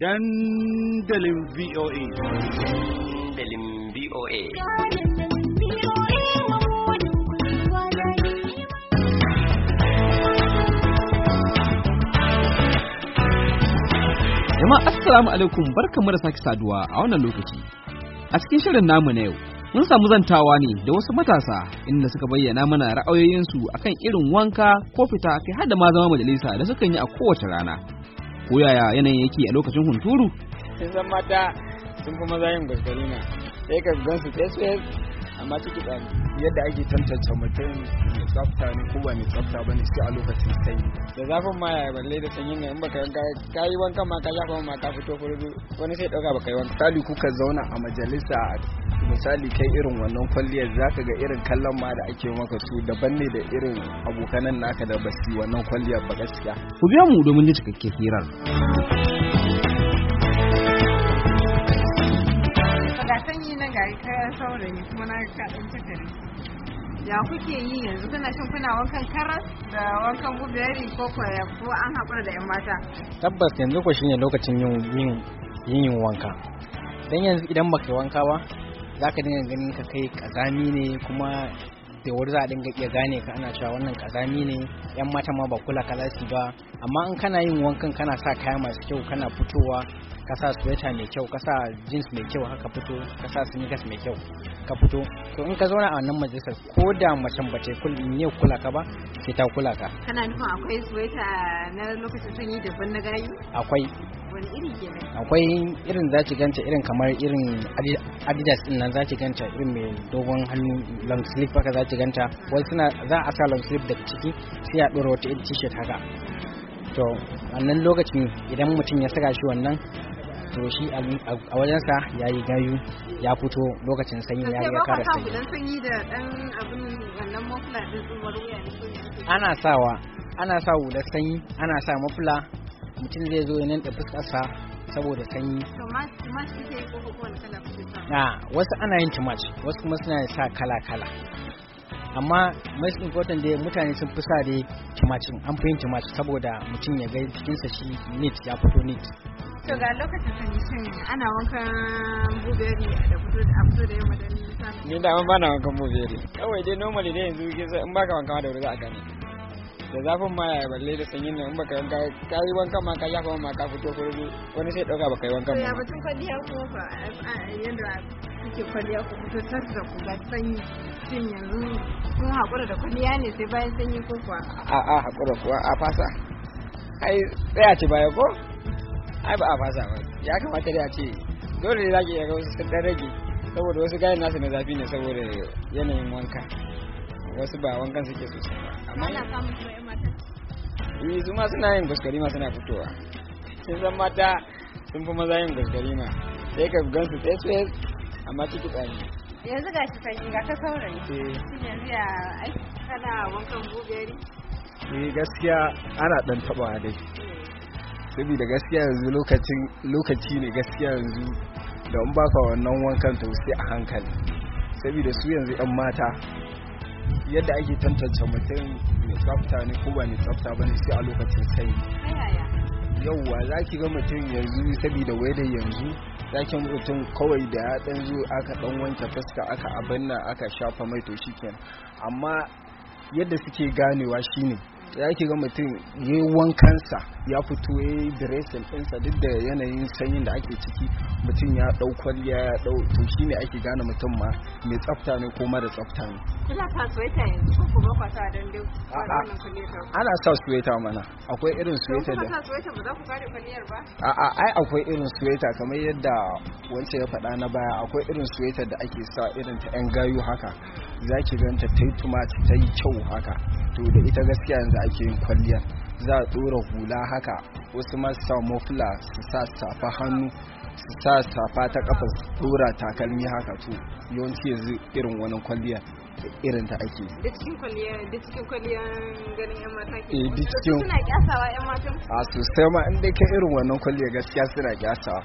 dandalin VOA. Dandalin VOA. Jama'a Assalamu alaikum barkamu da sake saduwa a wannan lokaci. A cikin shirin namu na yau, mun samu zantawa ne da wasu matasa inda suka bayyana mana ra'ayoyinsu akan irin wanka ko fita kai har ma zama majalisa da sukan yi a kowace rana. ko yaya yanayin yake a lokacin hunturu sun san mata sun fi maza yin gaskari na sai ka gan su tsaye amma ciki tsani yadda ake tantance mutum mai tsafta ne ko ba mai tsafta ba ne sai a lokacin sanyi da zafin ma ya balle da sanyi ne in baka ka yi wanka ma ka zafa ma ka fito furudu wani sai ɗauka baka yi wanka misali kuka zauna a majalisa misali kai irin wannan kwalliyar zaka ga irin kallon ma da ake maka su daban ne da irin abokanan naka da basi wannan kwalliyar ba gaskiya ku biya mu domin ji cikakke hirar ga sanyi na gari saurayi kuma na cikari ya kuke yi yanzu kuna shin kuna wankan karas da wankan blueberry ko ko an haƙura da 'yan mata tabbas yanzu ko shine lokacin yin yin wanka dan yanzu idan baka wanka ba za ka dinga ganin ka kai kazami ne kuma da wuri za a dinga iya gane ka ana cewa wannan kazami ne yan mata ma ba kula ka lasi ba amma in kana yin wankan kana sa kaya masu kyau kana fitowa ka sa sweta mai kyau ka sa jeans mai kyau haka fito ka sa sneakers mai kyau ka fito to in ka zauna a wannan majalisar ko da macen ba ta kula kula ka ba sai ta kula ka kana nufin akwai sweta na lokacin sanyi daban na gayi akwai akwai irin za ki ganta irin kamar irin adidas din nan za ki ganta irin mai dogon hannu long sleeve haka za ki ganta wai suna za a sa long sleeve daga ciki sai a ɗora wata irin t-shirt haka to wannan lokacin idan mutum ya saka shi wannan to shi a wajensa ya yi gayu ya fito lokacin sanyi ya yi kara sanyi ana sawa ana sa hular sanyi ana sa mafula mutum zai zo nan da fuskarsa saboda sanyi a ah, wasu ana yin tumaci wasu kuma suna sa kala kala amma most important dai mutane sun fi sa dai tumacin an fi yin tumaci saboda mutum ya gai cikinsa shi neat ya fito neat to ga lokacin sanyi ana wankan buberi da fito da fito da yamma da nisa ni da ban bana wankan buberi. kawai dai normally dai yanzu in baka wanka da wuri za a gane da zafin ma ya balle da sanyin nan baka yanka kai wanka ma ka yafa ma ka fito kurmi wani sai dauka baka yi wanka ma. Ya batun kwalliya ko fa yanda kike kwalliya ko fito tas da ku ba sanyi shin yanzu kun haƙura da kwalliya ne sai bayan sanyi ko kuwa. A a haƙura kuwa a fasa. Ai tsaya ce baya ko? Ai ba a fasa ba. Ya kamata dai ce dole ne zaki iya ga wasu sun rage saboda wasu gayan nasu na zafi ne saboda yanayin wanka. wasu ba wankan suke sosai ba amma ana samun koyan mata eh su ma suna yin ma suna fitowa sun san mata sun fi maza yin ma sai ka su tsaye tsaye amma ciki tsani yanzu ga shi fa shiga saurari. saurayi eh. yanzu ya aiki kana wankan bugari eh gaskiya ana dan tabawa dai saboda gaskiya yanzu lokacin lokaci ne gaskiya yanzu da in baka wannan wankan to sai a hankali saboda su yanzu yan mata yadda ake tantance mutum mai tsafta ne ko ba mai tsafta ba ne sai a lokacin sai yauwa za ki ga mutum yanzu saboda wadda yanzu za ki mutum kawai da ya ɗan zo aka ɗan wanke fuska aka abin aka shafa mai to shi kenan amma yadda suke ganewa shine ya ki ga mutum ya yi wankansa ya fito ya yi diresin ɗinsa duk da yanayin sanyin da ake ciki mutum ya ɗau kwalliya ya ɗau to shi ne ake gane mutum ma mai tsafta ne ko mara tsafta ne. Kina sa suweta yanzu ko kuma kwa sa don duk wannan kwalliyar Ana sa suweta mana akwai irin suweta da. Kuma sa suweta ba za ku kare kwalliyar ba? A'a ai akwai irin suweta kamar yadda wancan ya faɗa na baya akwai irin suweta da ake sa irin ta 'yan gayu haka za ki ganta ta yi tuma ta yi kyau haka. to da ita gaskiya yanzu ake yin kwalliyar za a ɗora hula haka wasu masu mafula su sa safa hannu su sa safa ta kafa su ɗora takalmi haka to yawanci yanzu irin wani kwalliyar irin ta ake duk cikin kwalliya cikin kwalliya ganin yan mata ke yi duk cikin eh, suna kyasawa yan matan a sosai ma inda kai irin wannan kwalliya gaskiya suna kyasawa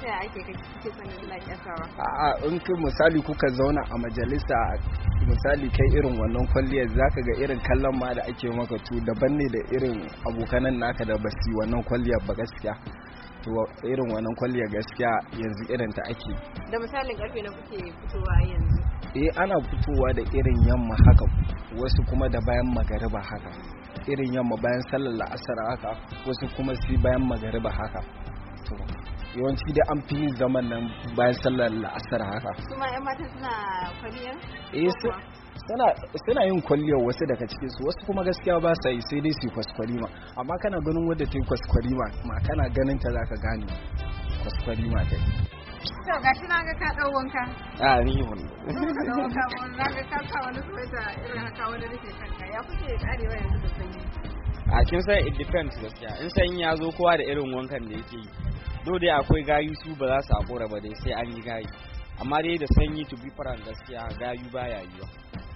ta ake kake sanin suna kyasawa a'a in kai misali kuka zauna a majalisa misali kai irin wannan kwalliyar zaka ga irin kallon ma da ake maka tu daban ne da irin abokanan naka da basi wannan kwalliyar ba gaskiya to irin wannan kwalliyar gaskiya yanzu irin ta ake da misalin karfe na kuke fitowa yanzu eh ana fitowa da irin yamma haka wasu kuma da bayan magariba haka irin yamma bayan sallar la'asar haka wasu kuma sai bayan magariba haka to yawanci da an fi zaman nan bayan sallar la'asar haka kuma yan mata suna kwaliyar eh suna yin kwalliyar wasu daga cikin su wasu kuma gaskiya ba sa yi sai dai su kwaskwalima amma kana ganin wadda ta yi kwaskwalima ma kana ganin ta zaka gane kwaskwalima ta yi. To ga na ga ka ɗau wanka. A ni wani. Ka ɗau wanka na ga ka sa wani sweta irin haka wani rufe kanka ya kuke karewa yanzu da sanyi. A kin san it depends gaskiya in sanyi ya zo kowa da irin wankan da yake yi. Do dai akwai gayu su ba za su haƙura ba dai sai an yi gayu. Amma dai da sanyi to be faran gaskiya gayu baya yiwa.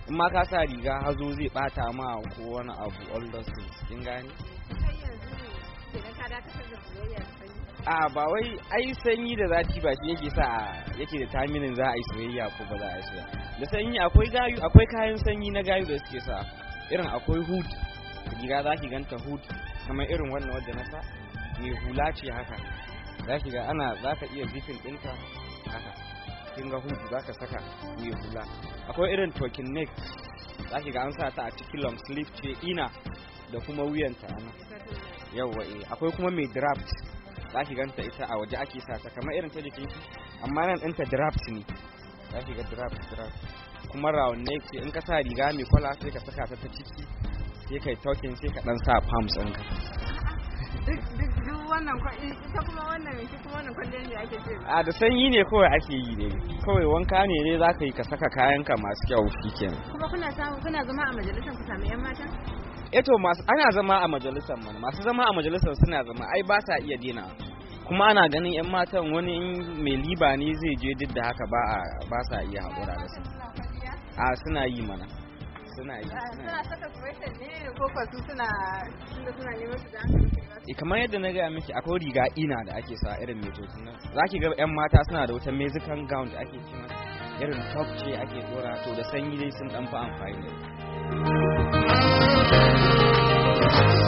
In ma ka sa riga hazo zai ɓata ma ko wani abu all those things kin gane? A'a a ba wai ai sanyi da zafi ba shi yake sa yake da taminin za a yi soyayya ko ba za a yi soyayya da sanyi akwai kayan sanyi na gayu da suke sa irin akwai hood riga za ki ganta hood kamar irin wannan wadda na sa mai hula ce haka za ki ga ana za ka iya zifin ɗinka haka kin ga hood za ka saka mai hula akwai irin tokin neck za ki ga an sa ta a cikin long sleeve ce ina da kuma wuyanta ana yawwa eh akwai kuma mai draft za ki ganta ita a waje ake sa ta kamar irin ta jikin amma nan ɗinta draft ne za ki ga draft draft kuma round na yake in ka sa riga mai kwala sai ka saka ta ta ciki sai kai talking sai ka dan sa palms ɗinka wannan eh, ita kuma wannan ita kuma wannan kwalliyar da ake ce a da sanyi ne kawai ake yi ne kawai wanka ne ne za ka yi ka saka kayanka masu kyau shikenan kuma kuna samu kuna zama a majalisar ku sami yan matan? eto eh masu ana zama a majalisar mana masu zama a majalisar suna zama ai ba sa iya dina kuma ana ganin yan matan wani mai liba ne zai je duk da haka ba a ba sa iya haƙura da su a suna yi mana suna yi suna saka ne ko suna suna neman eh, kamar yadda na gaya miki akwai riga ina da ake sa irin tosu nan za ki ga yan mata suna da wata mexican gown da ake kima irin top ce ake dora to da sanyi dai sun dan fa amfani da Thank you.